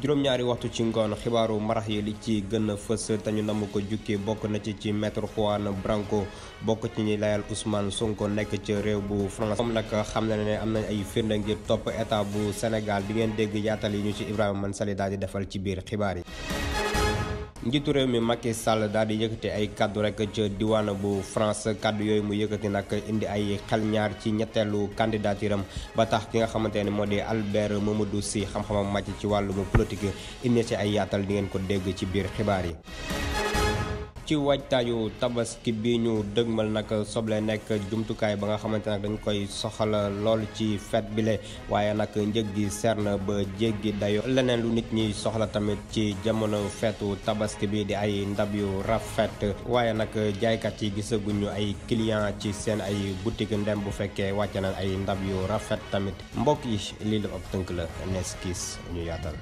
juróom-ñaari waxtu ci ngoon xibaaru marax yi li ci gën a fës tañu namm ko jukkee bokk na ci ci maître Juan Branco bokk ci ñi layal Ousmane Sonko nekk ci réew bu France moom nag xam na ne am nañ ay firnde ngir topp état bu Sénégal di ngeen dégg yaatal yi ñu ci Ibrahima Mansali daal di defal ci biir xibaar yi njiitu réew mi Macky Sall daal di yëkkati ay kaddu rekk ca diwaan bu France kàddu yooyu mu yëkkati nag indi ay xel ñaar ci ñetteelu candidature ba tax ki nga xamante ne moo di Albert Mamadou Sy xam-xamam màcc ci wàllum politique indi ci ay yaatal di ngeen ko dégg ci biir xibaar yi. ci waajtaayu tabaski bi ñu dëgmal nag soble nekk jumtukaay ba nga xamante nag dañ koy soxla lool ci fête bi le waaye nag njëg gi seer na ba jéggi dayo leneen lu nit ñi soxla tamit ci jamono feetu tabaski bi di ay ndab yu rafet waaye nag jaaykat yi gisaguñu ay client ci seen ay boutique ndem bu fekkee wàcc na ay ndab yu rafet tamit mbokk yi lii la ab tënk la neskis ñu yaatal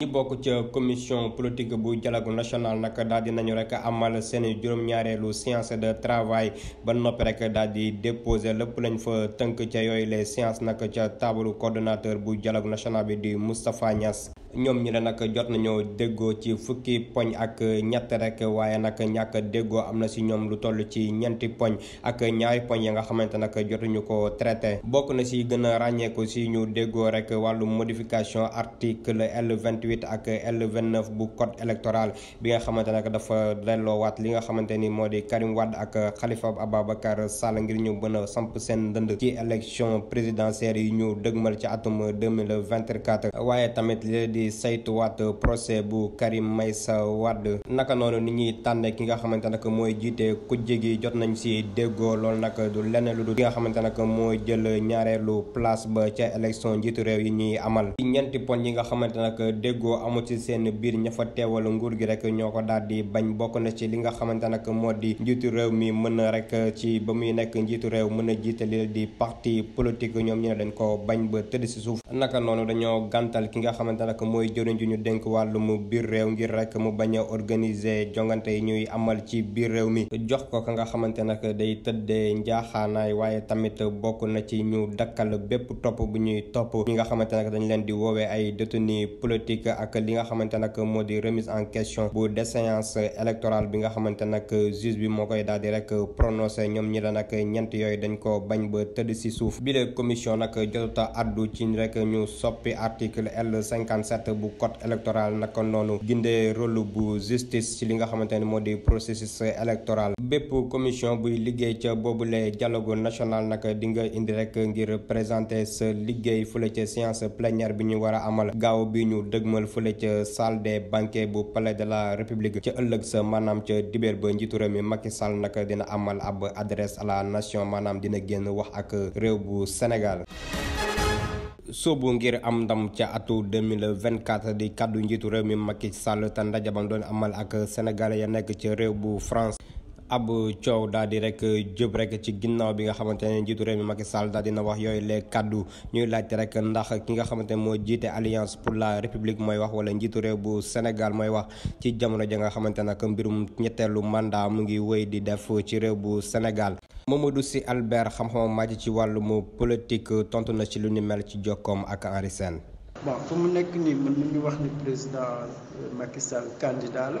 ñi bokk ca commission politique bu dialogue national nag daal di nañu rek amal seen juróom-ñaareelu séance de travail ba noppi rek daal di déposer lépp lañ fa tënk ca yooyu les séances nag ca taabalu coordonnateur bu dialogue national bi di Moustapha Niass. ñoom ñi la nag jot nañoo déggoo ci fukki poñ ak ñett rek waaye nag ñàkk déggoo am na si ñoom lu toll ci ñeenti poñ ak ñaari poñ ya nga xamante nag jotuñu ko traité bokk na si gën a ràññeeku si ñu déggoo rek wàllu modification article L28 ak L29 bu code électoral bi nga xamante nag dafa delloowaat li nga xamante ni moo di Karim Wade ak Khalifa Ababacar Sall ngir ñu mën a samp seen dënd ci élection présidentielle yi ñu dëgmal ci atum 2024 waaye tamit di saytuwaat procès bu Karim Meïssa Wade naka noonu ni ñuy tànn ki nga xamante nag mooy jiite kujje gi jot nañ ci déggoo loolu nag du lenn lu dul ki nga xamante nag mooy jël ñaareelu place ba ca élection njiitu réew yi ñuy amal ñeenti poñ yi nga xamante nag déggoo amul ci seen biir ña fa teewal nguur gi rek ñoo ko daal di bañ bokk na ci li nga xamante nag moo di njiitu réew mi mën na rek ci ba muy nekk njiitu réew mën a jiite li di parti politique ñoom ñu mooy jëriñ ju ñu dénk wàllum biir réew ngir rek mu bañ a organiser jongante yi ñuy amal ci biir réew mi jox ko ka nga xamante nag day tëddee njaaxaanaay waaye tamit bokk na ci ñu dakkal bépp topp bu ñuy topp ñi nga xamante nag dañ leen di woowee ay détenus politique ak li nga xamante nag moo di remise en question bu déséance électorale bi nga xamante nag juge bi moo koy daal di rek prononcé ñoom ñi la nag ñent yooyu dañ ko bañ ba tëdd si suuf bi la nag jotuta addu ci rek ñu 24 bu code électoral naka noonu gindee rôle bu justice ci li nga xamante ne moo di processus électoral bépp commission buy liggéey ca boobule dialogue national naka di nga indi rek ngir présenter sa liggéey fële ca séance plénière bi ñu war a amal gaaw bi ñu dëgmal fule ca salde des banquets bu palais de la république ca ëllëg sa maanaam ca dibéer ba njiitu réew mi Macky Sall naka dina amal ab adresse à la nation maanaam dina génn wax ak réew bu Sénégal soobu ngir am ndam atu 2024 di kàddu njiitu réew mi Macky Sall te amal ak sénégalais ya nekk ca bu France ab coow daal di rek euh, jëb rek ci ginnaaw bi nga xamante ne njiitu réew mi Macky Sall daal dina wax yooyu les kaddu ñuy laajte rek ndax ki nga xamante ne moo jiite alliance pour la république mooy wax wala njiitu réew bu Sénégal mooy wax ci jamono ja nga xamante nag mbirum ñetteelu mandat mu ngi wéy di def ci réew bu Sénégal. Mamadou Sy Albert xam-xamam màcc ci wàllum politique tontu na ci lu ni mel ci jokkoom ak Henri Sène. bon fu mu nekk nii mën nañu wax ni président euh, Macky Sall candidat la.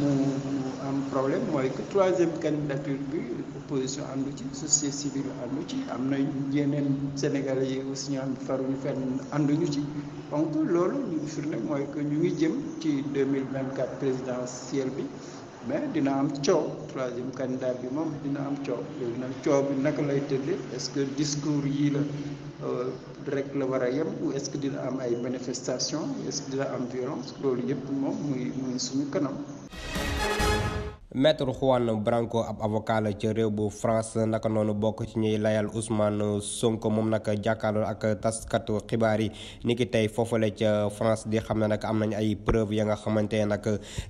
mu mu am problème mooy que troisième candidature bi opposition àndu ci société civile àndu ci am na yeneen sénégal yi aussi ñu am faruñu fenn ànduñu ci donc loolu ñu firnde mooy que ñu ngi jëm ci deux mille vingt quatre présidentielle bi mais dina am coow troisième candidat bi moom dina am coow léegi nag coow bi naka lay tëddee est-ce que discours yii la euh, rek la war a yem ou est-ce que dina am ay manifestation est-ce que dina am violence loolu yëpp moom muy muy suñu kanam maître Juan Branco ab avocat ca réew bu France naka noonu bokk ci ñuy layal Ousmane Sonko moom nag jàkkaarloo ak taskatu xibaar yi ni ki tey foofule ca France di xam ne nag am nañu ay preuve ya nga xamante ne nag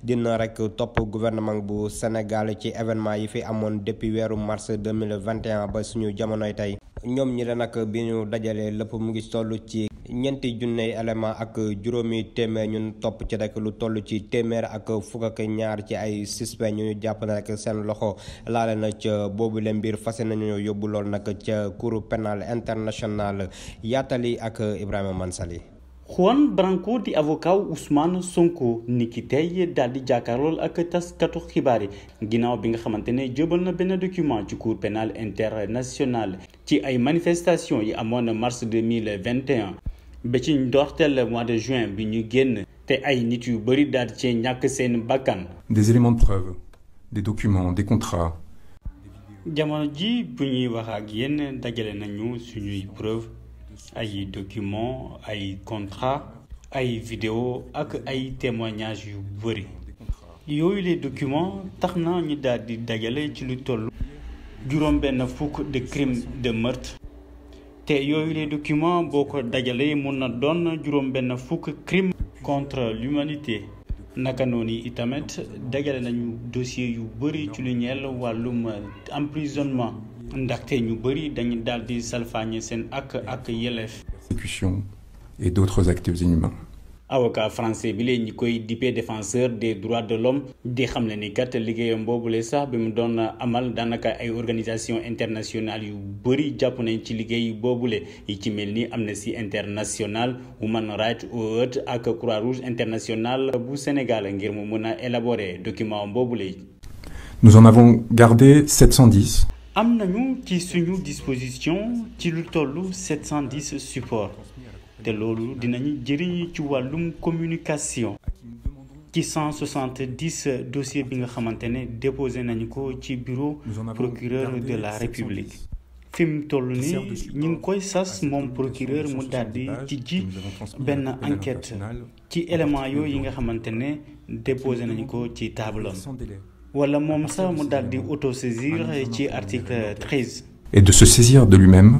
dina rek topp gouvernement bu Sénégal ci événement yi fi amoon depuis weeru mars 2021 ba suñu jamonoy tey ñoom ñi la nag bi ñu dajalee lépp mu ngi solu ci ñeenti junney élément ak juróomi téeméer ñu topp ci rek lu toll ci téeméer ak fukk ak ñaar ci ay suspect ñu jàpp na rek seen loxo laale na ca boobu le mbir fase nañu yóbbu lool nag ca cour pénal international yaatali ak Ibrahima Mansali Juan Branco di avocat Ousmane Sonko ni ki tey daal di jàkkaarlool ak taskatu xibaar yi ginnaaw bi nga xamante ne jëbal na benn document ci cour pénal international ci ay manifestation yi amoon na mars 2021 ba ci ndorteel mois de juin bi ñu génn te ay nit yu bëri daal ci ñàkk seen bakkan. des éléments de preuve des documents des contrats. jamono ji bu ñuy wax ak yéen dajale nañu suñuy preuve ay documents ay contrats ay vidéo ak ay témoignages yu bëri. yooyu les documents tax na ñu daal di dajale ci lu toll. juróom benn fukk de crime de meurtre te yooyu les documents boo ko dajalee mun na doon juróom benn fukk crime contre l'humanité naka noonu yi itamit dajale dossier yu bëri ci lu ñeel wàllum emprisonnement ndaxte ñu bëri dañu daal di salfaañe seen ak ak yelef. exécution et d'autres actes inhumains avocat français bi leen ñi koy dippee défenseur des droits de l'homme di xam le ni kat liggéeyam boobule sax bi mu doon amal danaka ay organisation internationale yu bëri jàpp nañ ci liggéey boobule yi ci mel ni Amnesty International Human Rights Watch ak Croix Rouge international bu Sénégal ngir mu élaboré a élaborer document Nous en avons gardé 710. am qui ci suñu disposition ci lu 710 supports te loolu dinañu jëriñu ci wàllum communication ci 170 dossiers bi nga xamante déposé nañu ko ci bureau procureur de la république Fim mu toll koy sas procureur mu daldi ci enquête ci élément yooyu yi nga déposé nañu ko ci tableau wala moom sax mu daldi autosaisir ci article 13 et de se saisir de lui-même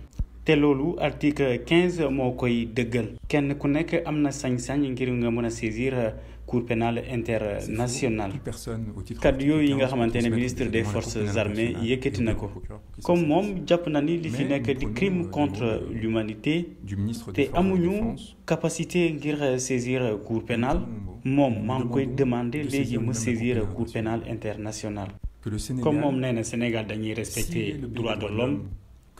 te article 15 mo koy dëggal kenn ku nek amna sañ-sañ ngir nga mëna saisir euh, cour pénale internationale kaddu yooyu yi nga xamantene ministre des forces armées yëkkati na ko comme moom jàpp na ni li fi nekk di crime contre l'humanité te amuñu capacité ngir euh, saisir euh, cour pénale moom maa ngi koy demander léegi saisir cour pénale internationale comme moom nee na Sénégal dañuy respecter droit de l'homme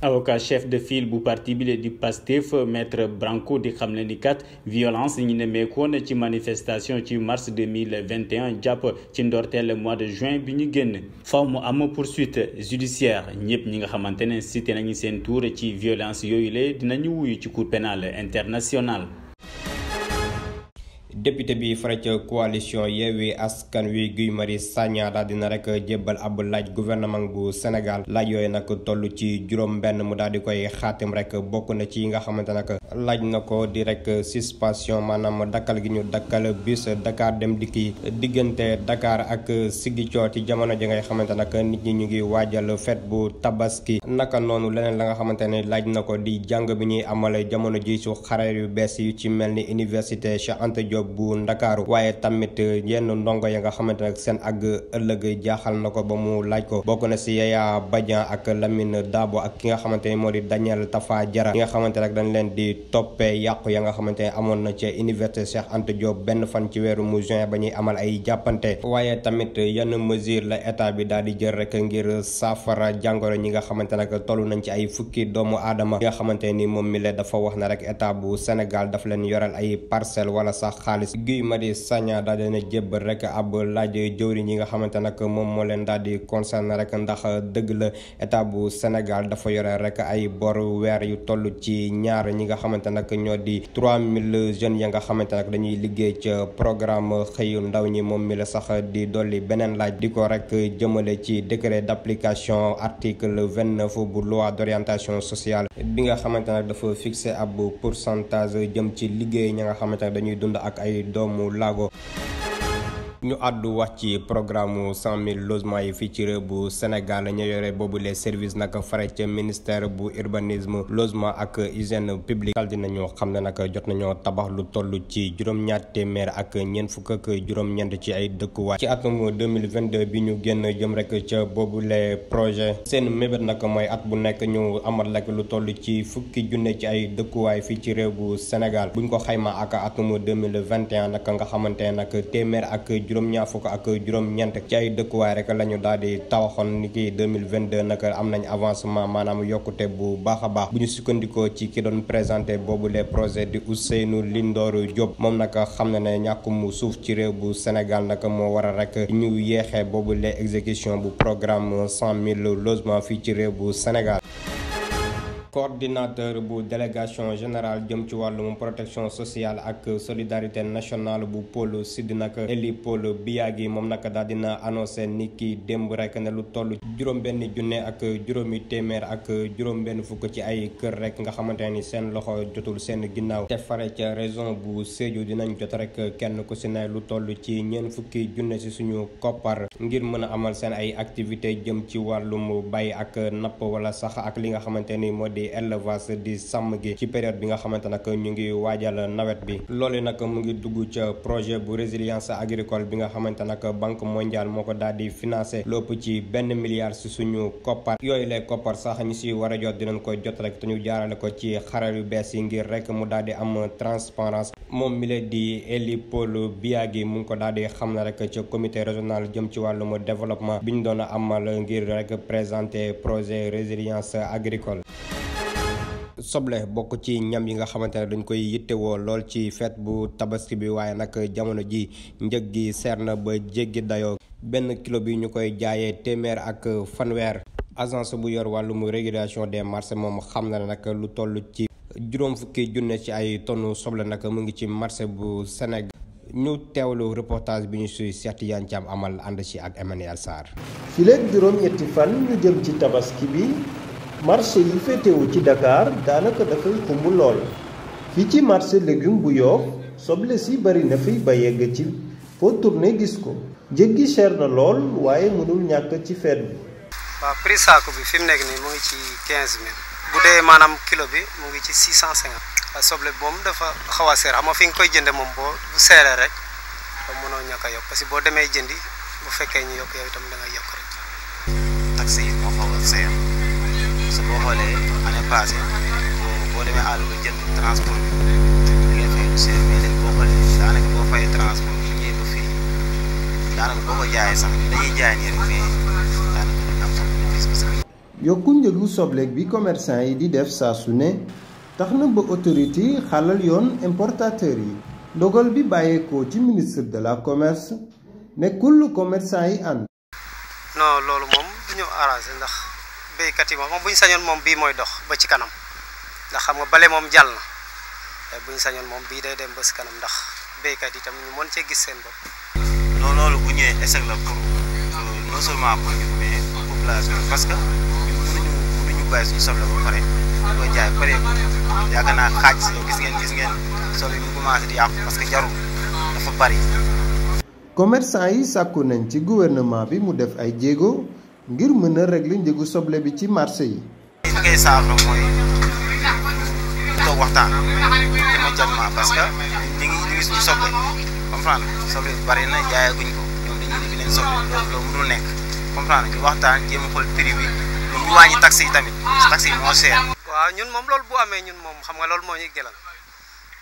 avocat chef de file bu parti bi Pastef maître Branco di xam violence ni kat violence ñu ci manifestation ci mars 2021 japp ci ndorteel mois de juin bi ñu génn faw mu am poursuite judiciaire ñëpp ñi nga xamante ne cité nañu seen tour ci violence yooyu le dinañu wuyu ci cour pénale internationale député bi fara ca coalition Yewwi Askan Wi Guy mari Sagna daal dina rek jébbal ab laaj gouvernement bu Sénégal laaj yooyu nag toll ci juróom benn mu daal di koy xaatim rek bokk na ci yi nga xamante nag laaj na ko di rek suspension maanaam dakkal gi ñu dakkal bus Dakar dem dikk yi diggante dakaar ak Ziguinchor ci jamono ji ngay xamante nag nit ñi ñu ngi waajal fête bu tabaski naka noonu leneen la nga xamante ne laaj na ko di jàng bi ñuy amal jamono ji su xareer yu bees yu ci mel ni université Cheikh Anta Diop bu ndakaaru waaye tamit eh, yenn ndongo ya nga xamante nag seen ak ëllëg jaaxal na ko ba mu laaj ko bokk na si Yaya Badian ak Lamine Dabo ak ki nga xamante ni Daniel Tafa Jara ki nga xamante nag dañ leen di toppee yàqu ya nga na ci université Cheikh Anta Diop benn fan ci weeru mu juin ba amal ay jàppante waaye tamit eh, yenn mesure la état bi daal di jël rek ngir saafara jàngoro ñi nga xamante nag tollu nañ ci ay fukki doomu aadama yi nga xamante ni mi le dafa wax na rek état bu Sénégal daf leen yoral ay parcelle wala sax xaalis Guy Marius Sagna daal dina jébbal rek ab laaj jëwriñ yi nga xamante nag moom moo leen daal di concerné rek ndax dëgg la état bu Sénégal dafa yore rek ay bor weer yu toll ci ñaar ñi nga xamante nag ñoo di trois mille jeunes ya nga xamante nag dañuy liggéey ca programme xëyu ndaw ñi moom mi la sax di dolli beneen laaj di ko rek jëmale ci décret d'application article vingt-neuf bu loi d'orientation sociale bi nga xamante dafa fixé ab pourcentage jëm ci Domulago dos Lago. ñu àddu wax ci programme cent mille logements yi fii ci réew bu Sénégal ñu yore boobu les services nag fare ca ministère bu urbanisme logement ak hygiène publique dal dinañu xam ne nag jot nañoo tabax lu toll ci juróom-ñaar téeméer ak ñeent fukk ak juróom-ñeent ci ay dëkkuwaay ci atum 2022 bi ñu génn jëm rek ca boobu les projets seen mébét nag mooy at bu nekk ñu amal rek lu toll ci fukki junne ci ay dëkkuwaay fii ci réew bu Sénégal buñ ko xayma ak atum 2021 nag nga xamante nag téeméer ak juróom-ñaar fukk ak juróom-ñeent ci ay dëkkuwaay rek la ñu daal di tabaxoon ni ki 2022 nag am nañ avancement maanaam yokkute bu baax a baax buñu sukkandikoo ci ki doon présenté boobu les projets di Ousseynou Lindor Diop moom nag xam na ne mu suuf ci réew bu Sénégal nag moo waral rek ñu yeexee boobu les exécution bu programme cent 000 logements fii ci réew bu Sénégal coordinateur bu délégation générale jëm ci wàllum protection sociale ak solidarité nationale bu pôle sud nag bi Paul Biagui moom nag daal ano seen ni ki démb rekk ne lu toll juróom-benn junne ak juróomi téeméer ak juróom-benn fukk ci ay kër rek nga xamante ni seen loxo jotul seen ginnaaw te fare ca région bu Sédhiou dinañ jot rek kenn ku si lu toll ci ñeent fukki junne si suñu koppar ngir mën amal seen ay activité jëm ci wàllum di élevage di sàmm gi ci période bi nga xamante nag ñu ngi waajal nawet bi loolu nag mu ngi dugg ca projet bu résilience agricole bi nga xamante nag banque mondiale moo ko daal di financé lopp ci benn milliard si suñu koppar yooyu lay koppar sax ñu si war a jot dinan ko jot rek te ñu jaarale ko ci xaral yu bees yi ngir rek mu daal di am transparence moom mi di Eli Paul gi mu ngi ko daal di xam na rek ca comité régional jëm ci wàllum développement bi ñu doon amal ngir rek présenter projet résilience agricole soble bokk ci ñam yi nga xamante ne dañ koy yittewoo lool ci fête bu tabaski bi waaye nag jamono ji njëg gi seer na ba jéggi dayoo benn kilo bi ñu koy jaayee téeméer ak fanweer agence bu yor wàllum régulation des marchés moom xam na nag lu toll ci juróom fukki junne ci ay tonn soble nag mu ngi ci marché bu Sénégal ñu teewlu reportage bi ñu suy Cheikh Tidiane amal ànd ci ak Emmanuel Sarr. fileeg juróom ñetti fan ñu jëm ci tabaski bi. marché yi féetewu ci Dakar daanaka dafay xumb lool fii ci marché légume bu Yoff soble si bari na fi ba yegg ci foo tourné gis ko njëg gi cher na lool waaye mënul ñàkk ci feet bi waaw prix saako bi fi mu nekk nii mu ngi ci 15 mille bu dee maanaam kilo bi mu ngi ci 650 soble boom moom dafa xaw a seer xam fi nga koy jënde moom boo bu seeree rek da mënoo ñàkk a yokk parce que boo demee yi bu fekkee ñu yokk yow itam da ngay yokk rek xoolee lu seer bi ñëw njëgu sobleeg bi commerçant yi di def saa su ne tax na ba autorité yi xalal yoon importateur yi ndogal bi bàyyeekoo ci ministre de la commerce nekkul commerçant yi ànd. loolu moom du ñu arrangé ndax. béykat yi moom moom bu ñu sañoon moom bii dox ba ci kanam ndax xam nga bale moom jàll na bu ñu sañoon moom day dem ba si kanam ndax béykat yi tam ñu gis seen non bu la pour non seulement pour mais population parce que ba pare ñu jaay pare yaakaar naa xaaj gis ngeen gis ngeen soble bi commencé di yàqu parce que jarul dafa bari. commerçant yi nañ ci gouvernement bi mu def ay ngir mën a régler njëgu soble bi ci marché yi. li ngay saafara mooy toog waxtaan immédiatement parce que ñu ngi bari na jaayaguñ ko ñoom dañuy def beneen loolu loolu nekk comprendre ñu waxtaan jéem a xool prix bi ñoom ñu wàññi taxes yi tamit taxes yi moo seer. waaw ñun moom loolu bu amee ñun moom xam nga loolu moo ñuy jëlal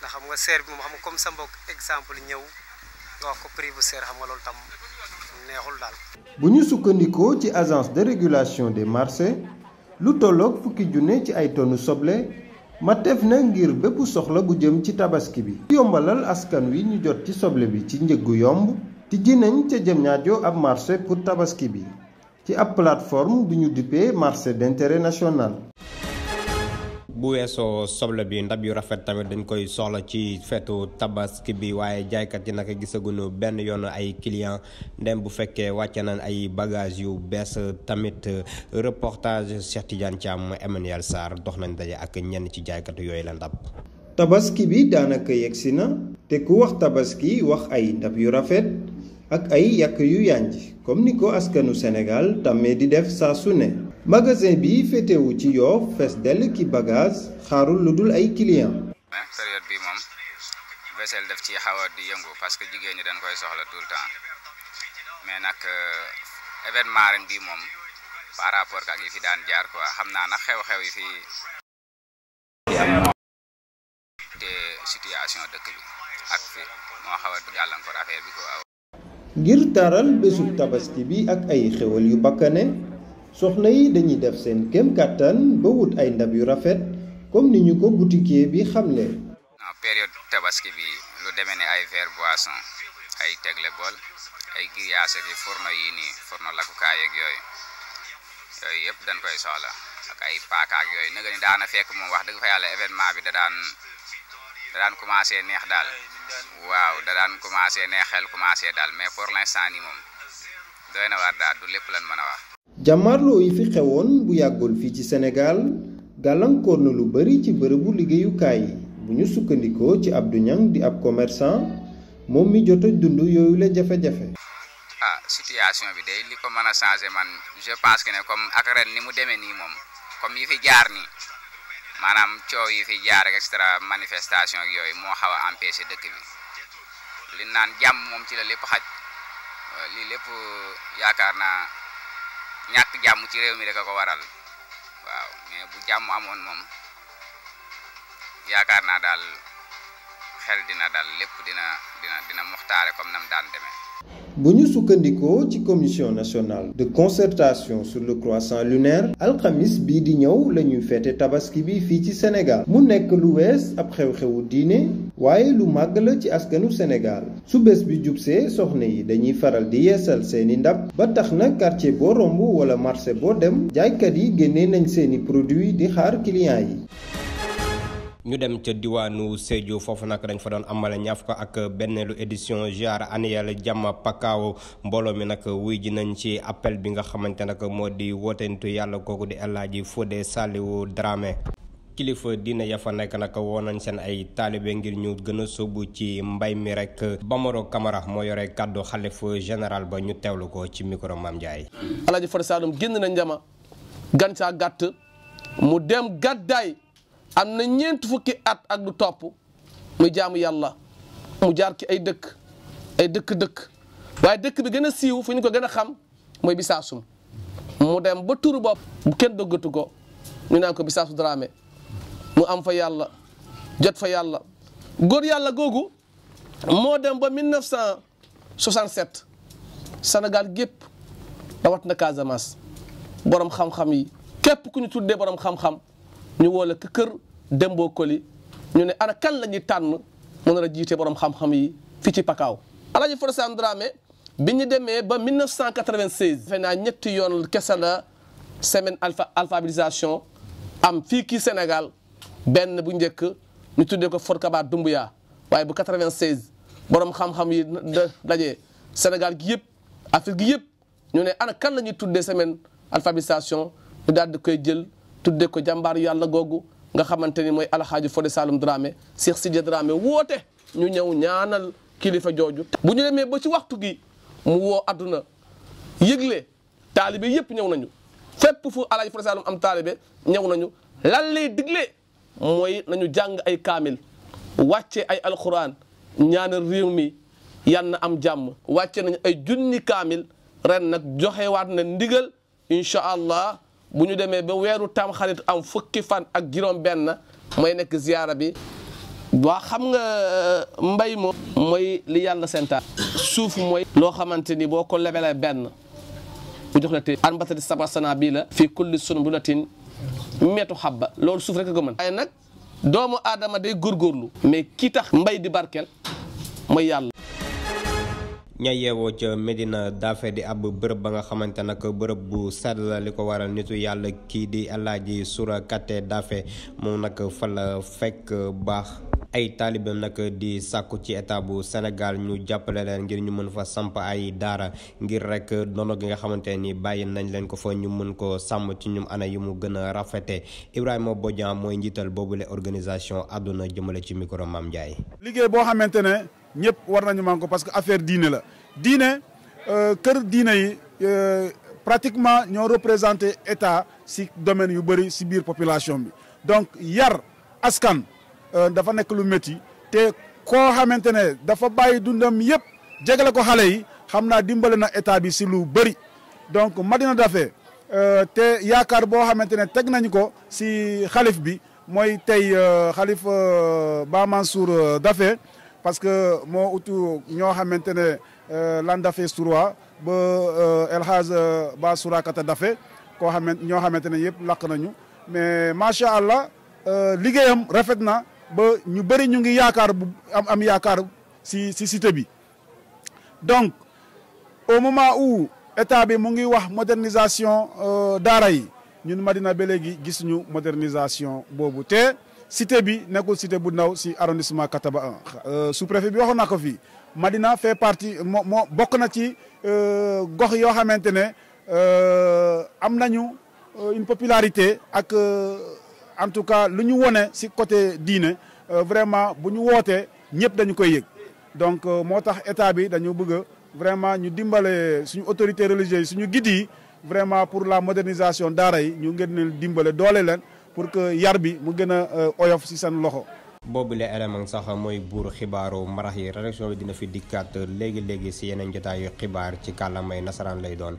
ndax xam nga seer bi moom xam nga comme sa mbokk exemple ñëw nga wax ko prix bu seer xam nga loolu tam. Si nous bu ñu agence de régulation des marchés lu tolloog fukki tonu soble pour na ngir bépp soxla jëm ci tabaski bi. yombalal askan wi ñu jot ci soble bi ci yomb ab pour tabaski bi ci plateforme d'intérêt national. bu weesoo soble bi ndab yu rafet tamit dañ koy soxla ci feetu tabaski bi waaye jaaykat yi naka gisaguñu benn yoon ay client ndem bu fekkee wàcce nañ ay bagage yu bees tamit reportage Cheikh Tidiane Thiam Emmanuel Sarr dox nañ daje ak ñenn ci jaaykat yooyu la ndab tabaski bi daanaka yegsi na te ku wax tabaski wax ay ndab yu rafet ak ay yàq yu yànj comme ni ko askanu Sénégal tàmmee di def saa ne magasin bi féetewu ci Yoff fees ki bagage xaarul lu ay client période bi moom vaisselle def ci xaw a di yëngu parce que jigéen ñi dañ koy soxla tout le temps mais nag euh, événement ren bi moom par rapport ak yi fi daan jaar quoi xam naa nag xew-xew yi fi te situation dëkk bi ak fi moo xaw a gàllankoor affaire bi ko ngir taral bésub tabaski bi ak ay xewal yu bakkane soxna yi dañuy def seen kéem kàttan ba wut ay ndab yu rafet comme ni ñu ko boutiquier bi xam ne période tabaski bi lu demee ne ay verre boisson ay tegle bool ay grillage ak fourneau yi nii fourneau lakkukaay yooyu yooyu yëpp dan koy soxla ak ay paaka yooyu nag ni daana fekk moom wax dëgg fa yàlla événement bi da daan da commencé neex daal waaw da daan commencé neex xel commencé daal mais pour l'instant nii moom doy na waar daal du lépp lan mën a wax jàmmarloo yi fi xewoon bu yàggul fii ci Sénégal gàllankoor na lu bari ci bu ñu ci Abdou di ab commerçant moom mi jot a dund la jafe-jafe. ah situation bi day li ko changer man je pense que ne comme ak ren ni mu demee nii moom comme yi fi jaar yi fi jaar ak extra manifestation ak dëkk bi li ci la xaj euh, ñàkk jàmm ci réew mi rek a ko waral waaw mais bu jàmm amoon moom yaakaar naa daal xel dina daal lépp dina dina dina muxtaare comme nam daan demee. bu ñu sukkandikoo ci commission nationale de concertation sur le croissant lunaire alxamis bii di ñëw la ñuy feete tabaski bi fii ci Sénégal mu nekk lu wees ab xew-xewu diine. waaye lu màgg la ci askanu Sénégal su bés bi jubsee soxna yi dañuy faral di yeesal seeni ndab ba tax na quartier boo romb wala marché boo dem jaaykat yi génnee nañ seeni produits di xaar clients yi. ñu dem ca diwaanu Sédhiou foofu nag dañ fa doon amale ñaaf ko ak benneelu édition ziar annuel jàmm pakaaw mbooloo mi nag wuy ji nañ ci appel bi nga xamante nag moo di wootentu yàlla kooku di El Hadji Fodé Saliou Dramé kilifa diine ya fa nekk na woo nañ seen ay taalibe ngir ñu gën a sóobu ci mbay mi rek Bamaro kamara moo yore kàddu xalif général ba ñu teewlu ko ci micro Mame Ndiaye. Alaaji Far Saalum génn na njama gàncax gàtt mu dem gàddaay am na ñeent fukki at ak lu topp muy jaamu yàlla mu jaar ci ay dëkk ay dëkk-dëkk waaye dëkk bi gën a siiw fu ñu ko gën a xam mooy Bisaasum mu dem ba turu bopp bu kenn dëggatu ko ñu naan ko Bisaasu Dramé am fa yàlla jot fa yàlla góor yàlla googu moo dem ba 1967 Sénégal gépp rawat na Casamance boroom xam-xam yi képp ku ñu tuddee borom xam-xam ñu woola ka kër Koli ñu ne ana kan la ñuy tànn mu nar a jiite borom xam-xam yi fii ci Pakaaw Alaaji Forsan Dramé bi ñu demee ba 1996. defe naa ñetti yoon kese la semaine alpha alphabétisation am fii kii Sénégal. benn bu njëkk ñu tuddee ko kabaar Forkaba yaa waaye bu 96 boroom xam-xam yi daje Sénégal gi yëpp Afrique gi yëpp ñu ne ana kan la tuddee semaine alphabétisation ñu daal di koy jël tuddee ko jàmbaar yàlla googu nga xamante ni mooy alxaaji Fodé Saloum Dramé Cheikh Sidia Dramé woote ñu ñëw ñaanal kilifa jooju. bu ñu demee ba ci waxtu gi mu woo adduna yëgle taalibe yëpp ñëw nañu fépp fu alxaaji Fodé Saloum am taalibe ñëw nañu lan moy nañu jàng ay kamil wàcce ay alquran ñaanal rew mi yan am jàmm wàcce nañ ay junni kamil ren joxe wat na ndigal insha allah buñu démé ba wéru tam xarit am fukki fan ak juroom ben moy nek ziyara bi. waa xam nga mbay mo moy li yàlla senta suuf moy lo xamanteni boko lebelé ben bu jox la te an batati sabasana bi la fi kulli sunbulatin metu xabba loolu suuf rek a ko mën waaye nag doomu aadama day góorgóorlu mais kii tax mbay di barkeel mooy yàlla ña yeewoo ca Medina daafe di ab bërëb ba nga xamante nag bërëb bu sell ko waral nitu yàlla kii di alaaji sura katte daafe moom nag fa la fekk baax ay taalibeem nag di sàkku ci état bu Sénégal ñu jàppale leen ngir ñu mën fa samp ay daara ngir rek ndono gi nga xamante ni bàyyi nañ leen ko fa ñu mën ko sàmm ci ñum ana yi mu gën a rafete Ibrahima Bodian mooy njiital boobule organisation àdduna jëmale ci micro Mame Ndiaye. liggéey boo xamante ne ñëpp war nañu man ko parce que affaire diine la diine euh, kër diine yi euh, pratiquement ñoo représenté état si domaine yu bëri si biir population bi donc yar askan. Euh, dafa nekk lu métti te koo xamante ne dafa bàyyi dundam yëpp jegale ko xale yi xam naa dimbale na état bi si lu bëri donc Madina Daffé euh, te yaakaar boo xamante ne teg nañu ko si xalif bi mooy tey euh, xalif Ba Mansour Daffé parce que moo utu ñoo xamante ne lan Daffé Sourwa ba El Hadj Ba Sourakata Daffé koo xamante ñoo xamante ne yëpp lakk nañu mais macha allah liggéeyam rafet na. Nous ñu beaucoup ñu ngi donc au moment où l'État a dit la modernisation euh, Daraï, nous, ñun Madina gis ñu modernisation La cité bi la cité Kataba 1 euh, sous-préfet bi Madina fait partie mo, bokk euh, une popularité en tout cas lu ñu wone si côté diine euh, vraiment bu ñu wootee ñëpp dañu koy yëg donc euh, moo tax état bi dañu bëgg vraiment ñu dimbale suñu autorité religieuse yi suñu guide yi vraiment pour la modernisation daara yi ñu ngeen leen dimbale doole leen pour que yar bi mu gën a euh, oyof si seen loxo. boobu la élément sax mooy buur xibaaru marax yi rédaction bi dina fi dikkaat léegi léegi si yeneen jotaayu xibaar ci kàllaamay nasaraan lay doon.